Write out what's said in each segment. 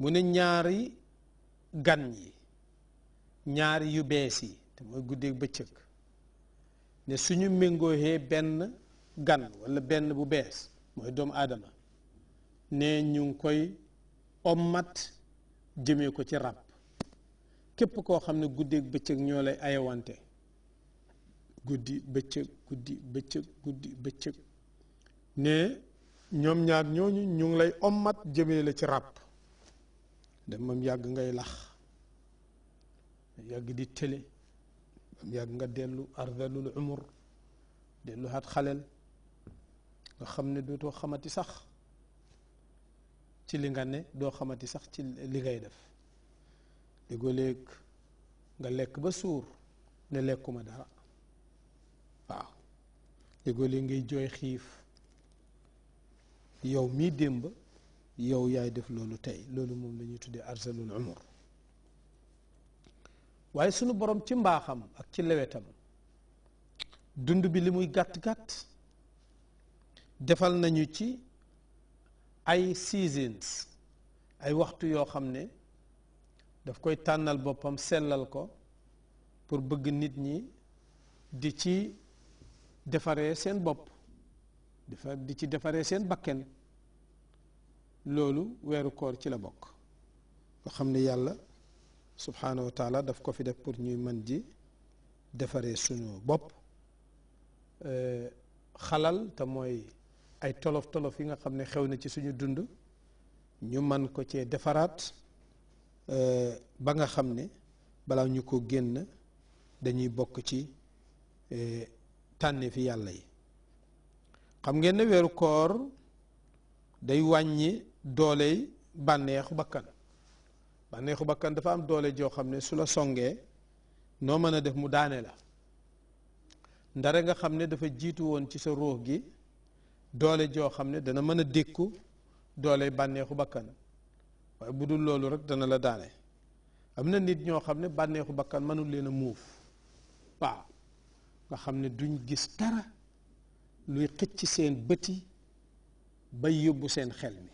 mu ne ñaari gan yi ñaari yu bees yi te mooy guddeeg bëccëg ne suñu méngooxee benn gan walla benn bu bees mooy doom aadama ne ñu ngi koy ommat jëmee ko ci rab képp koo xam ne guddeeg bëccëg ñoo lay ayawante guddi bëccëg guddi bëccëg ne ñoom ñaar ñooñu ñu ngi lay omat jëmee la ci rab demam yàgg ngay lax yàgg di télé bam yàgg nga dellu ardalul umur dellu xaat xaleel nga xam ne dootoo xamati sax ci li nga ne doo xamati sax ci li ngay def léegoo-léeg nga lekk ba suur ne lekkuma dara waaw léegoo-léeg ngay jooy xiif yow mii démb yow yaay def loolu tey loolu moom lañuy ñuy tuddee arsalul umur waaye sunu borom ci mbaaxam ak ci lewetam dund bi li muy gàtt gàtt defal nañu ci ay seasons ay waxtu yoo xam ne daf koy tànnal boppam sellal ko pour bëgg nit ñi di ci defaree seen bopp defar di ci defaree seen bakken loolu weeru koor ci la bokk nga xam ne yàlla subhaanahu wa taala daf ko fi def pour ñuy mën ji defaree suñu bopp euh, xalal te mooy ay tolof tolof yi nga xam ne xew na ci suñu dund ñu man ko cee defaraat euh, ba nga xam ne balaa ñu ko génn dañuy bokk ci euh, fi yàlla yi xam ngeen ne weeru koor day wàññi dooley bànneexu bakkan bànneexu bakkan dafa am doole joo xam ne su la songee noo mën a def mu daane la ndare nga xam ne dafa jiitu woon ci sa ruux gi doole joo xam ne dana mën a dékku dooley bànneexu bakkan waaye bu dul loolu rek dana la daane am na nit ñoo xam ne bànneexu bàkkan mënul leen a muuf waaw nga xam ne duñ gis tara luy xëcc seen bëti bay yóbbu seen xel bi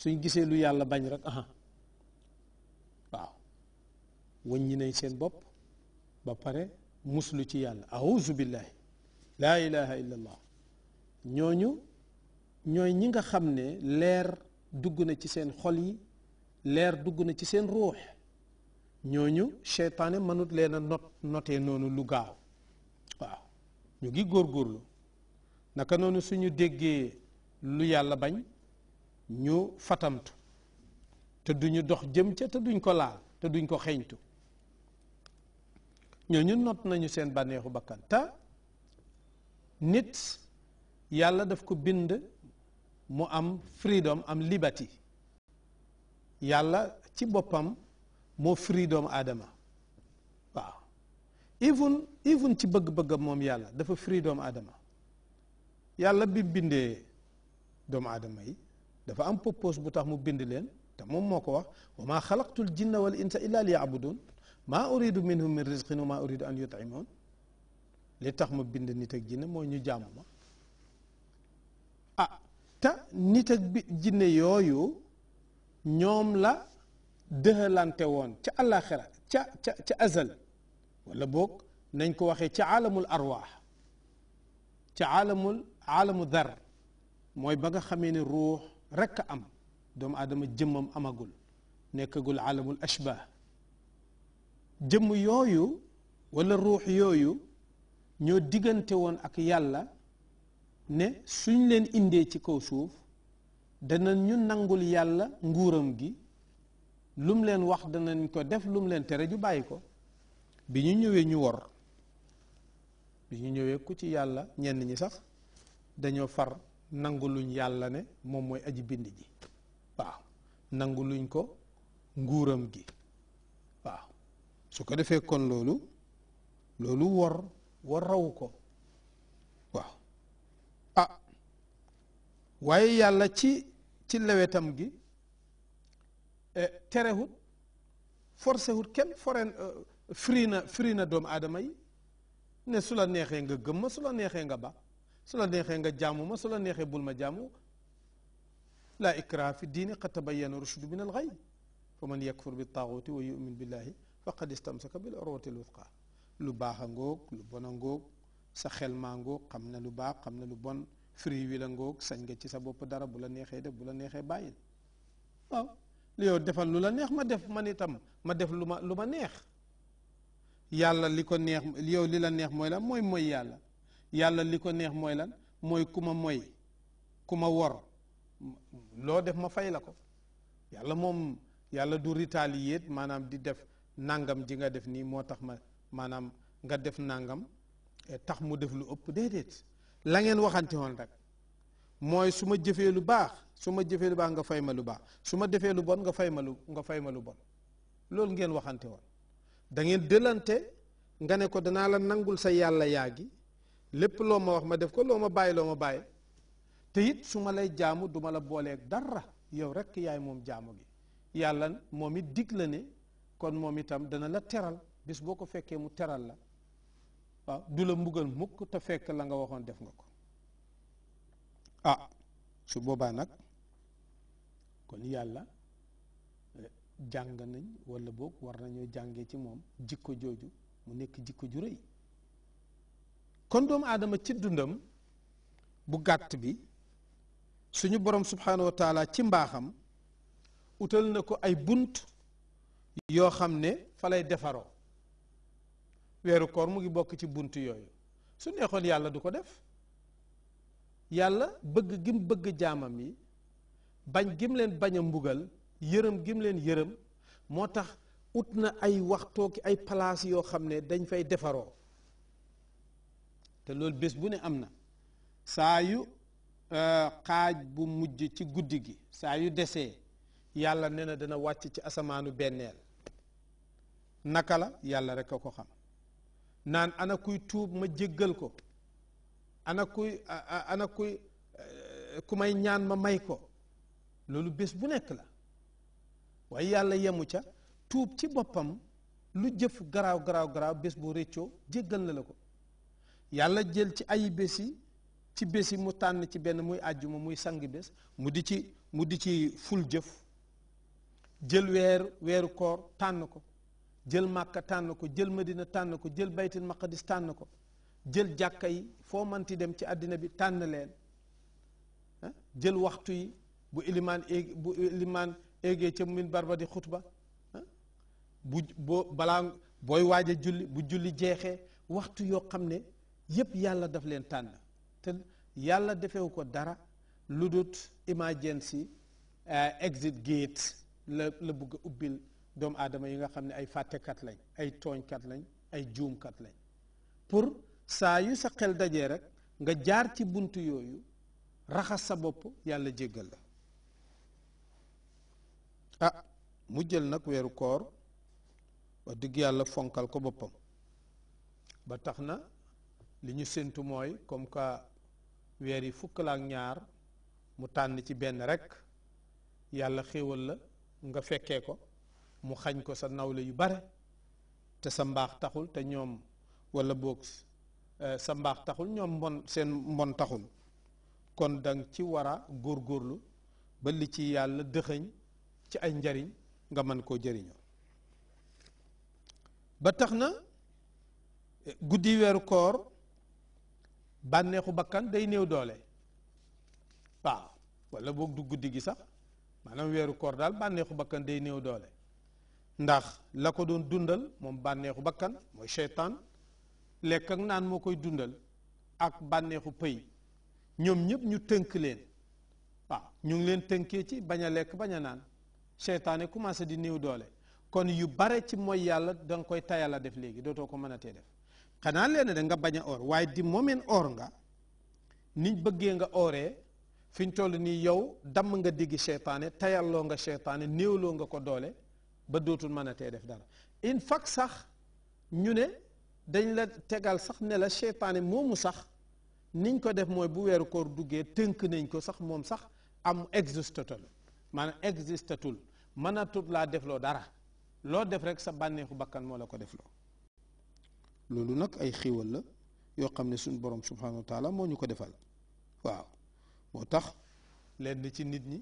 suñ gisee lu yàlla bañ rek aha waaw wëññi nañ seen bopp ba pare muslu ci yàlla auzu billahi laa ilaha illa ñooñu ñooy ñi nga xam ne leer dugg na ci seen xol yi leer dugg na ci seen ruux ñooñu seytaane mënut leen not notee noonu lu gaaw waaw ñu ngi góorgóorlu naka noonu suñu déggee lu yàlla bañ ñu fatamtu te duñu dox jëm ca te duñ ko laal te duñ ko xeeñtu ñooñu not nañu seen bànneexu bakkan te nit yàlla daf ko bind mu am freedom am libati yàlla ci boppam moo freedom aadama waaw even even ci bëgg-bëggam moom yàlla dafa freedom aadama yàlla bi bindee doomu aadama yi dafa am purpose bu tax mu bind leen te moom moo ko wax wa maa xalaqtu l jinna wal insa illa li yabudun maa uridu minhum min risqin wa maa uridu an yutimoon li tax ma bind nit ak jinne mooy ñu jaamu ma ah te nit ak bi jinne yooyu ñoom la dëxalante woon ca àllaaxira ca ca ca azal wala boog nañ ko waxee ca aalamul arwaax ca aalamul aalamu dar mooy ba nga xamee ne ruux rekk a am doomu aadama jëmmam amagul nekkagul alamul ashbah jëmm yooyu wala ruux yooyu ñoo diggante woon ak yàlla ne suñ leen indee ci kaw suuf dana ñu nangul yàlla nguuram gi lum leen wax danañ ko def lum leen tere ju bàyyi ko bi ñu ñëwee ñu wor bi ñu ñëwee ku ci yàlla ñenn ñi sax dañoo far nangu luñ yàlla ne moom mooy aji bind ji waaw nangu luñ ko nguuram gi waaw su ko defee kon loolu loolu wor wor raw ko waaw ah waaye yàlla ci ci lewetam gi eh, terewut forcé wut kenn foreen eh, firi na firi na doomu aadama yi ne su la neexee nga gëmma su la neexee nga ba su la neexee nga jaamu ma su la neexee bul ma jaamu laa ikraa fi diini qad tabayyana rushdu min al ghayy fa man yakfur bi taaguti wa yumin billahi faqad istamsaka bil urwati lwutqa lu baax a ngoog lu bon a ngoog sa xel maa ngoog xam na lu baax xam na lu bon free wi la ngoog sañ nga ci sa bopp dara bu la neexee def bu la neexee bàyyil waaw li yow defal lu la neex ma def man itam ma def lu ma lu ma neex yàlla li ko neex yow li la neex mooy la mooy mooy yàlla yàlla liko ko neex mooy lan moy kuma wor lo def ma fay lako ko yàlla moom yàlla du retaliate di def nangam ji nga def ni moo tax ma maanaam nga def nangam eh, tax mu def lu ëpp déedéet la ngeen waxante woon rek mooy su ma lu baax su ma jëfee lu baax nga fay ma lu baax su ma lu bon nga fay ma lu nga fay ma lu bon loolu ngeen waxante woon da ngeen dëlante nga ne ko la nangul sa yàlla lépp loo ma wax ma def ko loo ma bàyyi loo ma bàyyi te it su ma lay jaamu duma la booleek dara yow rekk yaay moom jaamu gi yàlla moom it dig la ne kon moom itam dana la teral bis boo ko fekkee mu teral la waaw du la mbugal mukk te fekk la nga waxoon def nga ko ah su boobaa nag kon yàlla eh, jàng nañ wala boog war nañoo jàngee ci moom jikko jooju mu nekk jikko ju rëy kon doomu aadama ci dundam bu gàtt bi suñu borom subhanahu wa taala ci mbaaxam utal na ko ay bunt yoo xam ne fa lay defaroo weeru koor mu ngi bokk ci bunt yooyu su neexoon yàlla du ko def yàlla bëgg gim bëgg jaamam yi bañ gim leen bañ a mbugal yërëm gim leen yërëm moo tax ut na ay waxtoo ki ay palaas yoo xam ne dañ fay defaroo te loolu bés bu ne am na saa yu euh, xaaj bu mujj ci guddi gi saa yu desee yàlla ne na dana wàcc ci asamaanu benneel naka la yàlla rekk a ko xam naan ana kuy tuub ma jéggal ko ana kuy euh, ku may ñaan ma may ko loolu bés bu nekk la waaye yàlla yemu ca tuub ci boppam lu jëf garaaw garaaw garaaw bés boo réccoo jéggal na la ko yàlla jël ci ay bés yi ci bés yi mu tànn ci benn muy àjjuma muy sang bés mu di ci mu di ci ful jëf jël weer weeru koor tànn ko jël màkka tànn ko jël madina tànn ko jël baytil maqadis tànn ko jël jàkka yi foo manti dem ci àddina bi tànn leen ah, jël waxtu yi bu ilimaan éeg bu ilimaan éegee ca min barba di xutba ah, bu boo balaa booy waaja a julli bu julli jeexee waxtu yoo xam ne yépp yàlla daf leen tànn te yàlla defewu ko dara lu dut emergency eh, exit gate la la bugg a ubbil doomu aadama yi nga xam ne ay fàttekat lañ ay tooñkat lañ ay juumkat lañ pour saa yu sa xel dajee rek nga jaar ci bunt yooyu raxas sa bopp yàlla jéggal la ah mu jël nag weeru koor wax dëgg yàlla fonkal ko boppam ba tax na li ñu séntu mooy comme que weer yi fukk la ak mu tànn ci benn rekk yàlla xéewal la nga fekkee ko mu xañ ko sa nawle yu bare te sa mbaax taxul te ñoom euh, sa mbaax taxul ñoom mbon seen mbon taxul kon dang ci wara góor góorlu ba li ci yàlla dëxëñ ci ay njariñ nga mën koo jëriñoo ba tax na guddi weeru koor banexu bakkan day néew doole waaw wala bok du guddi gi sax manam wéru koor dal banexu bakkan day néew doole ndax la ko doon dundal mom banexu bakkan moy seytaan lek ak nan moo koy dundal ak banexu pëy ñom ñep ñu teunk leen waaw ñu ngi leen teunké ci baña lek baña nan a commencé di néew doole kon yu bare ci moy yalla dang koy tayala def léegi doto ko mëna té def xana leen da nga bañ a or waaye di momen or nga niñ bëggee nga ooree fiñ toll ni yow damm nga diggi seytaane tayalloo nga seytaane néewloo nga ko doole ba dootul mën a tee def dara in fak sax ñu ne dañ la tegal sax ne la seytaane moomu sax niñ ko def mooy bu weeru koor duggee tënk nañ ko sax moom sax am existatul maanaam existatul mënatul laa defloo dara loo def rek sa bànneexu bakkan moo la ko defloo loolu nag ay xéewal la yoo xam ne suñu borom subhanahu wa taala moo ñu ko defal waaw moo tax lenn ci nit ñi